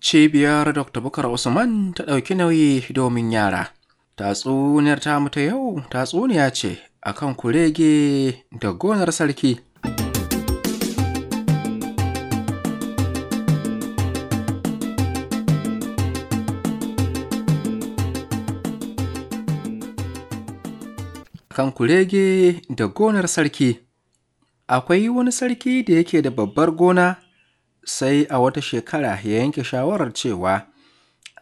cibiyar dr bukar usman ta ɗauki nauyi domin yara tatsuniyar ta mutu yau tatsuniya ce akan kurege da gonar sarki kan kurege da gonar sarki akwai wani sarki da yake da babbar gona sai a wata shekara ya yanke shawarar cewa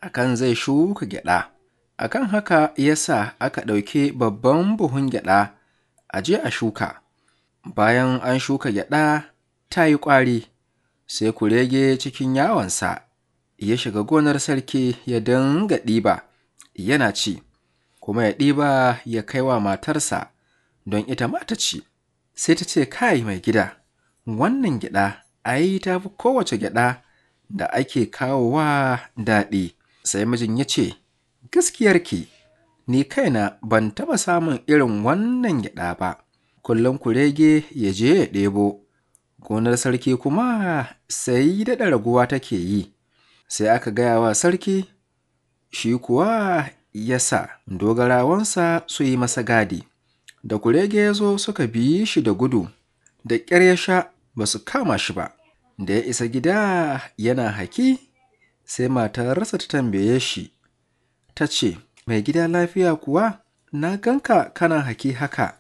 akan zai shuka gyada akan haka ya sa aka ɗauki babban buhun gyada a je a shuka bayan an shuka gyada ta yi ƙwari sai kurege cikin yawonsa ya shiga gonar sarki ya dinga ɗiba yana ci kuma ya ɗiba ya kai wa matarsa don ita ma ta ci sai ta ce kai mai gida wannan gyaɗa. ai ta fi kowace gyaɗa da ake kawowa daɗi. Sai mijin ya ce, Gaskiyarki, ni kaina ban taɓa samun irin wannan gyaɗa ba, kullum kurege ya je ya ɗebo, gonar sarki kuma sai daɗa raguwa take yi. Sai aka gaya wa sarki, shi kuwa ya sa dogarawansa su yi masa gadi. Da kurege ya zo suka bi shi da gudu, da ƙyar ya sha ba su kama shi ba. da ya isa gida yana haki sai matarsa ta tambaye shi ta ce mai gida lafiya kuwa na ganka kana haki haka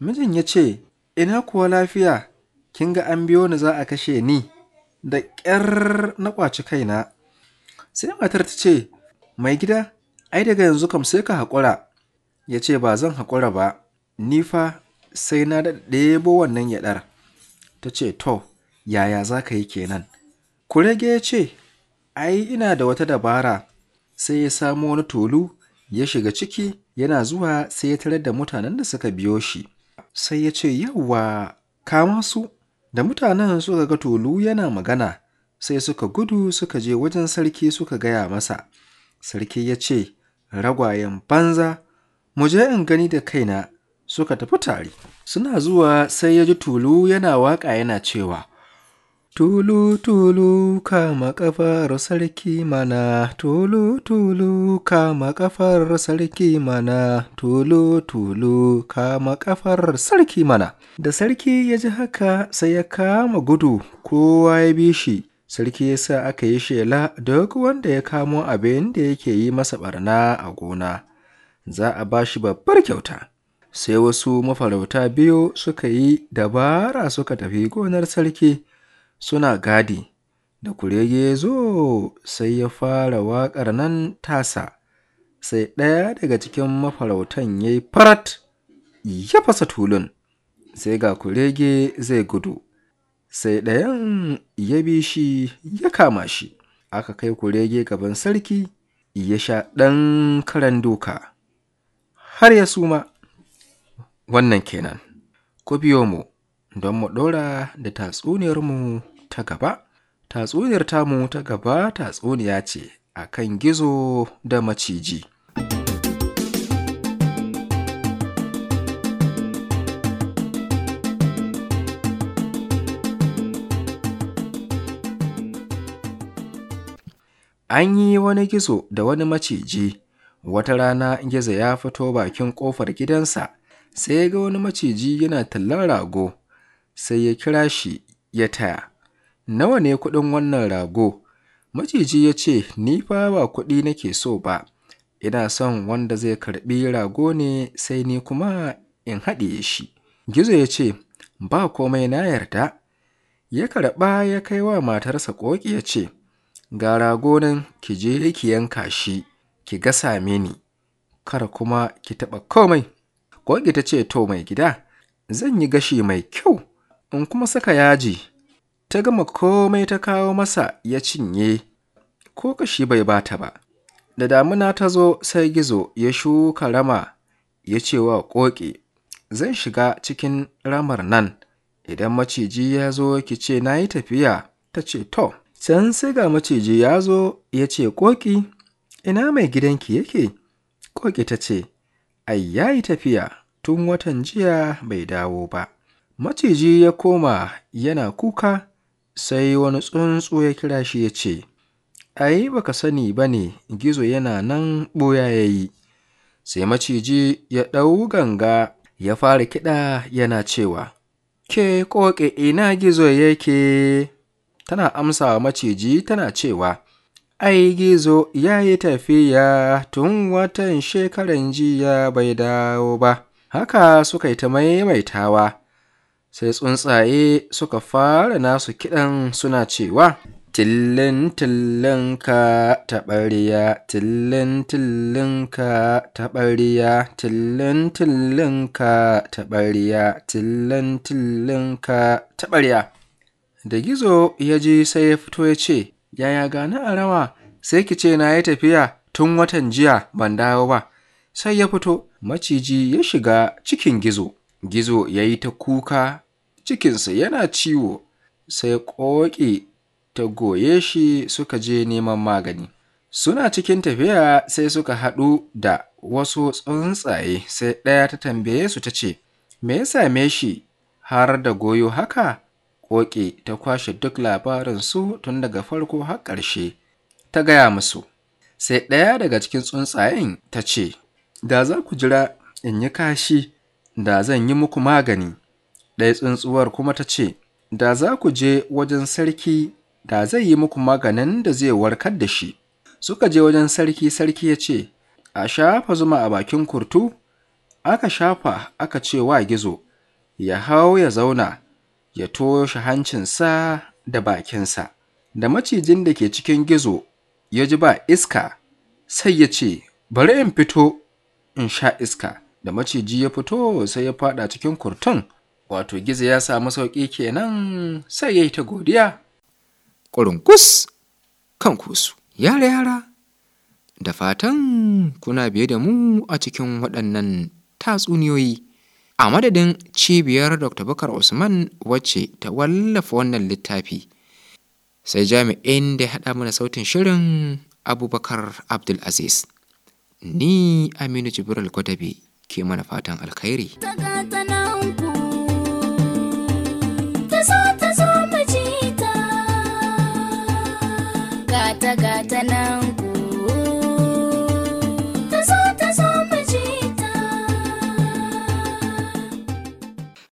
mijin ya ce ina kuwa lafiya kin ga an biyo ni za a kashe ni da ƙyar na ƙwaci kaina sai matar ta ce mai gida ai daga yanzu kam sai ka haƙura ya ce ba zan haƙura ba ni fa sai na ɗebo wannan yaɗar ta ce to yaya za ka yi kenan? Kurege ya ce, ai ina da wata dabara, sai ya samo wani tulu ya shiga ciki yana zuwa sai ya tarar da mutanen da suka biyo shi. Sai ya ce, yawwa, kama su, da mutanen suka ga tulu yana magana, sai suka gudu suka je wajen sarki suka gaya masa. Sarki ya ce, ragwayen banza, mu je in gani da kaina suka tafi tare. Suna zuwa sai ya ji tulu yana waƙa yana cewa, Tulu-tulu kama ƙafar sarki mana, tulu-tulu kama ƙafar sarki mana, tulu-tulu kama ƙafar sarki mana. Da sarki ya ji haka sai ya kama gudu kowa ya bi shi. Sarki ya sa aka yi shela duk wanda ya kamo abin da yake yi masa barna a gona, za a ba shi babbar kyauta. Sai wasu mafarauta biyu suka yi dabara suka tafi gonar sarki. suna gadi, da kurege ya zo sai ya fara waƙar nan tasa, sai ɗaya daga cikin mafarautan ya yi farat ya fasa tulun, sai ga kurege zai gudu, sai ɗayan ya bi shi ya kama shi, aka kai kurege gaban sarki ya sha ɗan karan doka, har ya suma. Wannan kenan, ku biyo mu don mu ɗora da tatsuniyarmu ta gaba tatsuniyar tamu ta gaba tatsuniya ce a kan gizo da maciji An yi wani gizo da wani maciji, wata rana gizo ya fito bakin ƙofar gidansa, sai ya ga wani maciji yana tallan rago, sai ya kira shi ya taya. nawa ne kuɗin wannan rago? Maciji ya ce, Ni fa ba kuɗi nake so ba, ina son wanda zai karɓi rago ne sai ni kuma in haɗiye shi. Gizo ya ce, Ba komai na yarda. Ya karɓa ya kai wa matarsa ƙoƙi ya ce, Ga rago nan ki je ki yanka shi, ki gasa mini, kar kuma ki taɓa komai. Ƙoƙi ta ce, To mai gida, zan yi gashi mai kyau, in kuma saka yaji. ta gama komai ta kawo masa ya cinye ko kashi bai bata ba da damuna ta zo sai gizo ya shuka rama ya ce wa ƙoƙi zan shiga cikin ramar nan idan maciji ya zo ki ce na yi tafiya ta ce to can sai ga maciji ya zo ya ce ƙoƙi ina mai gidanki yake ƙoƙi ta ce ai ya yi tafiya tun watan jiya bai dawo ba maciji ya koma yana kuka Sai wani tsuntsu ya kira shi ya ce, Ai, ba sani ba ne, gizo yana nan ɓoya ya yi. Sai maciji ya ɗau ganga ya fara kiɗa yana cewa, Ke ƙoƙe ina gizo yake? Tana amsa wa maciji tana cewa, Ai, gizo ya yi tafiya tun watan shekaran jiya bai dawo ba. Haka suka yi ta maimaitawa. sai tsuntsaye suka fara nasu kiɗan suna cewa tillin tillin ka taɓarya tillin tillin ka taɓarya tillin tillin ka tillin tillin ka da gizo ya ji sai ya fito ya ce yaya gani a rawa sai ki ce na yi tafiya tun watan jiya ban dawo ba sai ya fito maciji ya shiga cikin gizo gizo ya yi ta kuka cikinsa yana ciwo, sai ƙoƙi ta goye shi suka je neman magani. Suna cikin tafiya sai suka haɗu da wasu tsuntsaye sai ɗaya ta tambaye su ta ce, Me ya same shi har da goyo haka? Ƙoƙi ta kwashe duk labarin su tun daga farko har ƙarshe, ta gaya musu. Sai ɗaya daga cikin tsuntsayen ta ce, Da za ku jira in yi kashi, da zan yi muku magani. Ɗaya tsuntsuwar kuma ta ce, Da za ku je wajen sarki, da zai yi muku maganin da zai warkar da shi. Suka je wajen sarki, sarki ya ce, A shafa zuma a bakin kurtu, aka shafa aka ce wa gizo, ya hau ya zauna, ya toshe hancinsa da bakinsa. Da macijin da ke cikin gizo ya ji ba iska, sai ya ce, Bari in fito in sha iska. Da maciji ya fito sai ya fada cikin kurtun wato gizo ya samu sauƙi kenan sai ya yi ta godiya ƙurunkus kan kusu yara yara da fatan kuna biye da mu a cikin waɗannan tatsuniyoyi a madadin cibiyar dr bakar usman wacce ta wallafa wannan littafi sai jami'in da ya haɗa mana sautin shirin abubakar abdulaziz ni aminu jibril gwadabe ke mana fatan alkhairi